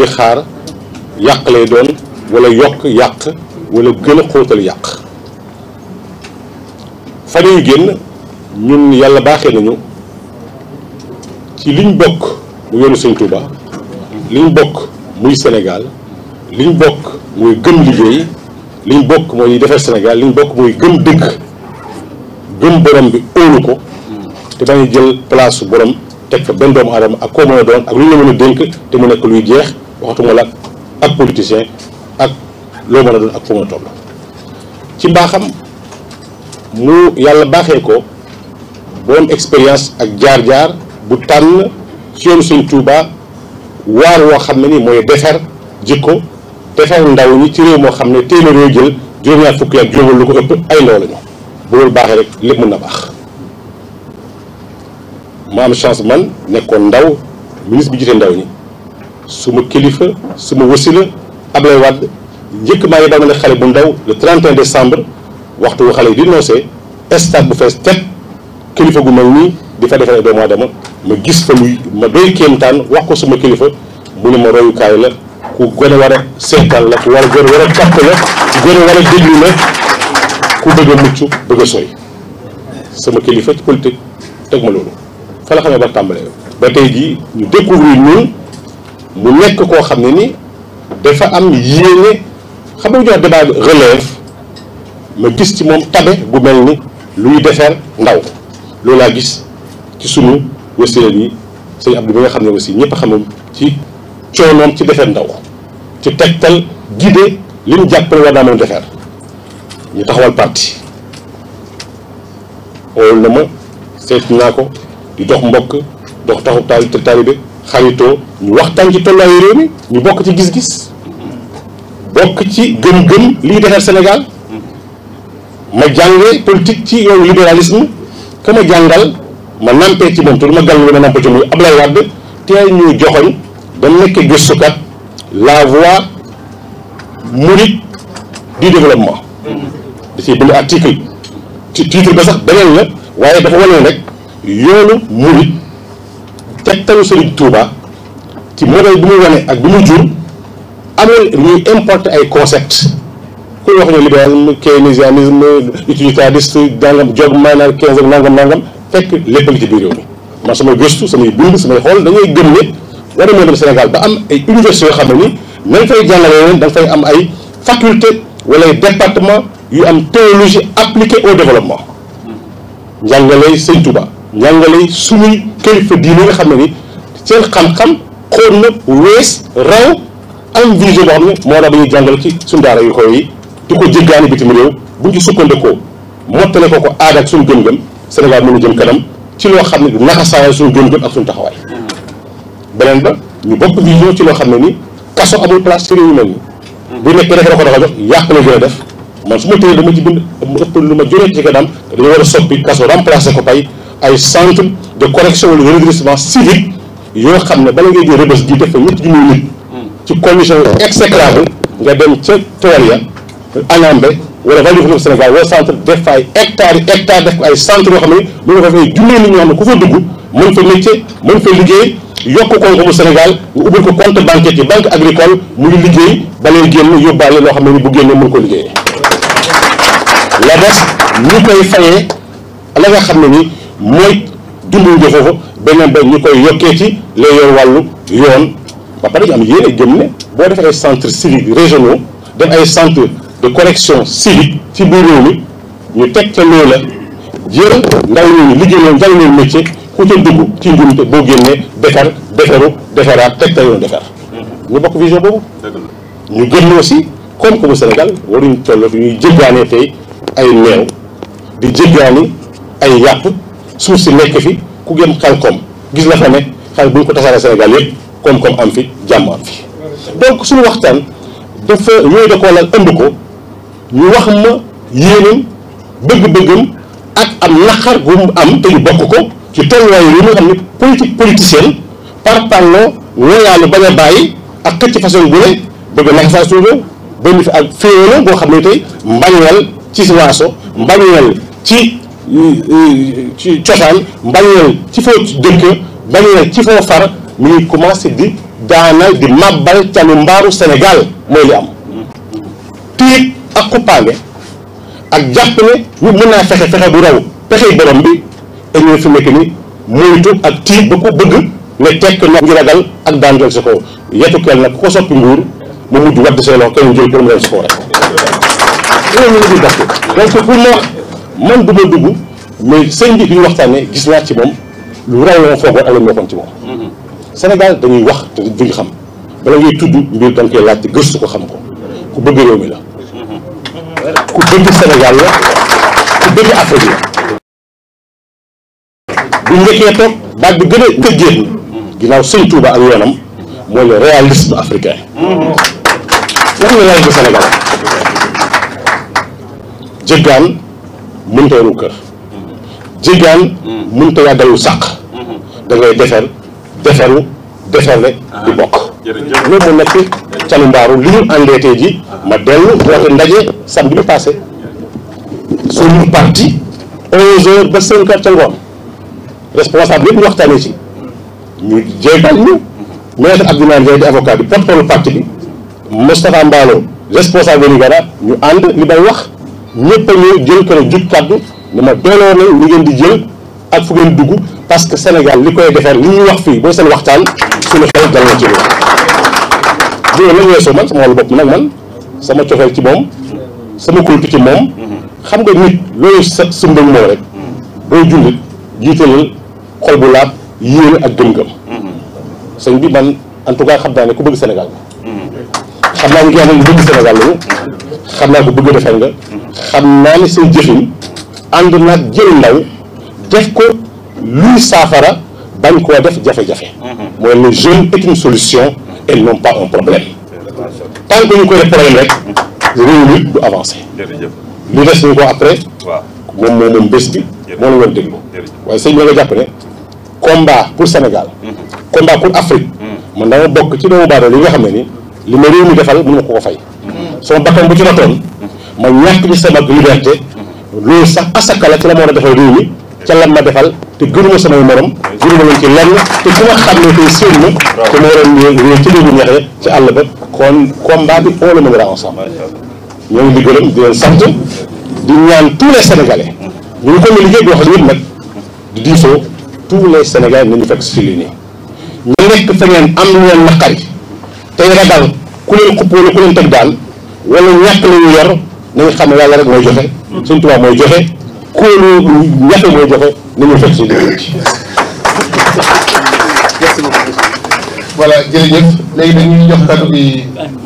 di xaar yàq lay doon wala yokk yàq wala gën a xóotal yàq fa yu génn ñun yàlla baaxe nañu ci liñ bokk mu yoonu Sëñ Tuuba liñ bokk muy Sénégal liñ bokk muy gën liggéey liñ bokk mooy defar Sénégal liñ bokk muy gën dëgg gën borom bi óolu ko te bañ jël place borom teg fa benn doomu aadama ak koo mën a doon ak lu ñu la mën a dénk te mu nekk luy jeex waxatuma la ak politicien ak loo mën a doon ak foo mën la ci baaxam mu yàlla baaxee ko borom expérience ak jaar-jaar bu tànn ci yoonu Sëriñ Tuuba waar woo xam ne ni mooy defar jikko defar ndaw ñi ci réew moo xam ne téeméer yooyu jël juróom lu ko ëpp ay ndaw lañu bu loolu baaxee rek lépp mën na baax ma am chance nekkoon ndaw ministre bi jiite ndaw ñi suma kilifa suma wasila Ablaye Wade njëkk maa ngi daw ne xale bu ndaw le 31 décembre waxtu wu xale yi di noosee stade bu fees teg kilifa gu mel nii di fa defee doomu aadama ma gis fa muy ma doy kéemtaan wax ko suma kilifa mu ne ma royukaay la ku gën a war a seetaan la ku war a gën a war a tàpp la ku gën a war a déglu la ku bëgg a mucc bëgg a sooy sama kilifa ci politique teg ma loolu fa la xamee ba tàmbalee ba tey jii ñu découvrir ñun mu nekk koo xam ne ni dafa am yéene xam nga ñu wax débat relève ma gis ci moom tabe bu mel ni luy defar ndaw loolu laa gis ci sunu wëstéer yi sëñ Abdou bi nga xam ne aussi ñëpp xamam ci coonoom ci defar ndaw ci tegtal guidé li mu jàppale war naa mën a defar ñu taxawal parti oolu na ma seet naa ko di dox mbokk dox taxu taal taalibe xaritoo ñu waxtaan ci tollaayu réew mi ñu bokk ci gis-gis bokk ci gëm-gëm liy defar Sénégal ma jànge politique ci yoonu libéralisme que ma jàngal ma nampee ci moom te du ma gàll ma nampee ci muy Ablaye Wade teel ñuy joxoñ dam nekk gëstukat la voie mouride du développement da ciy bind article ci titre ba sax beneen la waaye dafa wane rek yoonu mouride tegtalu Serigne Touba ci modèle bi mu wane ak bi mu jur amul ñuy importer ay concepts ku wax ne libéralisme keynésianisme utilitariste dangam jog maanaam quinze ak nangam nangam fekk lépp li ci biir réew mi man gëstu samay bind samay xool da ngay gëm ne war a mën dem Sénégal ba am ay universités yoo xam ne ni même fay jàngale leen da nga fay am ay faculté wala ay département yu am théologie appliquée au développement njàngale Sëñ Touba njàngale suñuy kilifa diine nga xam ne ni seen xam-xam xóot na wees raw am vision boo xam ne moo tax dañuy jàngal ci suñu daara yu xooy yi di ko jéggaani bitim réew buñ ci sukkandikoo mottale ko ko aada ak suñu gëm-gëm Sénégal mën a jëm kanam ci loo xam ne du naka saayal suñu gëm-gëm ak suñu taxawaay beneen ba ñu bokk vision ci loo xam ne ni kaso amul place ci réew bu nekk rek yàq la gën a def man su ma téye ci bind mu ëpp lu ma juree ci kanam dañu war a soppi kaso remplacé ko pay ay centre de correction wala de redressement civique yoo xam ne bala ngay jël rëbës di def ñetti junniy nit ci condition exécrable nga dem ca tool ya Anambé wala Vallée du Fleuve Sénégal wala centre def fa ay hectares yi hectares def ko ay centre yoo xam ne bu ñu ko fay junniy nit ñoo xam ne ku fa dugg mën fa métier mën fa liggéey yokk koom-koomu Sénégal ñu ubbil ko compte bancaire ci banque agricole mu ngi liggéey balay génn yóbbaale loo xam ne ni bu génnee mën ko liggéeyee la des ñu koy fayee la nga xam ne ni mooy dimbali nga foofu beneen ba ñu koy yokkee ci lay yor wàllu yoon ba pare ñu am yéen ay gëm ne boo defee ay centres civiques régionaux def ay centre de correction civique ci biir réew mi ñu teg ca loola jël ndaw ñooñu liggéey noonu jàng leen métier ku ca dugg ci njumte boo génnee defar defaru defaraat teg ca yoon defar ñu bokk vision boobu ñu gëm aussi comme que bu Sénégal waruñu toll fi ñu jéggaane tey ay meew di jéggaani ay yàpp suuf si nekk fi ku gëm xelkom gis la fa ne xaalis bu ñu ko tasaaree Sénégal yëpp koom-koom am fi jàmm am fi donc suñu waxtaan dafa ñooy da koo lal ëmb ko ñu wax ma yéenam bëgg-bëggam ak am naqar gu mu am te ñu bokk ko ci tolluwaay yi nga xam ne politique politicienne par parloo ñoŋaalu bañ a bàyyi ak xëcc façon bu ne bëgg na saa suuf ba ñu fi ak féewala boo xam ne tey mbañwal ci si waaso mbañwal ci. ci cosaan mbañeel ci foo dëkk mbañeel ci foo far mi ngi commencé di daana di màbbal ca lu mbaaru Sénégal mooy li am tiit ak xuppaange ak jàpp ne ñu mën naa fexe fexe bu raw pexe borom bi eñu fi nekk ni moytu ak tiit ba ko bëgg ne tekk na ngi ragal ak daan jël sa kaw yetu kel nag ko soppi nguur mu mujj wadd say loxo kenn jël ko sa kaw rek man du ma dugg mais sëñ bi bi waxtaanee gis naa ci moom lu raw la ma foogoon ak la nekkoon Sénégal dañuy wax te duñu xam bala ngay tudd mbir da laaj te gëstu ko xam ko ku bëgg réew mi la. ku bëgg Sénégal la ku bëgg Afrique bu njëkkee toog baat bi gën a tëjjee ginnaaw sëñ Touba ak yoonam mooy le réalisme africain. lan la laaj ko Sénégal jéggaan. mënta yoru kër jéggaan mënta yàggalu sàq da ngay defer deferu deferle di ah, bokk loolu moo nekk calumbaaru li ñu àndee tey ji ma dellu woote ndaje samedi bi passé suñu parti onze heures ba cinq heures ca ngoon responsable yëpp ñu waxtaanee ci ñu jéegal ñu maître Abdoulaye Ndiaye di avocat bi porte-parole parti bi Moustapha Mballo responsable Vélingara ñu ànd li may wax ñëpp a ñëw jël ko ne jub kàddu ne ma dooloo li ngeen di jël ak fu ngeen dugg parce que Sénégal li koy defar li ñuy wax fii booy seen waxtaan suñu xel dal na ci loolu. loolu la weesoo man sama ci moom sama kultu xam nga nit loolu sa sumbal rek booy jullit jiitalal xol bu laab yéene ak gëm-gëm. sëñ bi man en xam naa ne ku bëgg Sénégal mm. xam naa ne ki nga xam ne bëgg Sénégal nga. xam naa ne say jëfin ànd naag jël ndaw def ko luy saafara bañ koo def jafe-jafe. mooy le jeune est une solution et non pas un problème. tant que ñu koy def problème rek réew mi du avancé. li des ñu ko après. moom moom moom bés bi. moo la war a déglu. waaye sëñ bi nga jàpp ne combat pour Sénégal. Mm-hmm. combat pour Afrique. Mm-hmm. man dama bokk ci doomu baadoo li nga xam ne ni li ma réew mi defal mën ma ko ko fay. Mm-hmm. sama bakkan bu ci ma ñàkk ci sama liberté loolu sax asaka la ci la ma war a defal réew ca lan ma defal te gënuma samay morom gënuma leen ci lenn te ku ma xam ne tey séen na te ma waroon réew ci léegi ñaxee ci àll ba kon combat bi on le mènera ensemble ñoo ngi di gërëm di di ñaan tous les sénégalais ñu ngi ko nga liggéey di wax yëpp nag di diisoo tous les sénégalais nañu fekk si lii nii ñu nekk fa ngeen am lu leen naqari tey ragal ku leen xupp wala ku leen teg daal wala ñàkk la ñu yor nañ xam ne yàlla rek mooy joxe suñ tubaab mooy joxe kóolu ñax mooy joxe nañu fekk si liggéey ci voilà jërëjëf léegi dañuy jox kàddu bi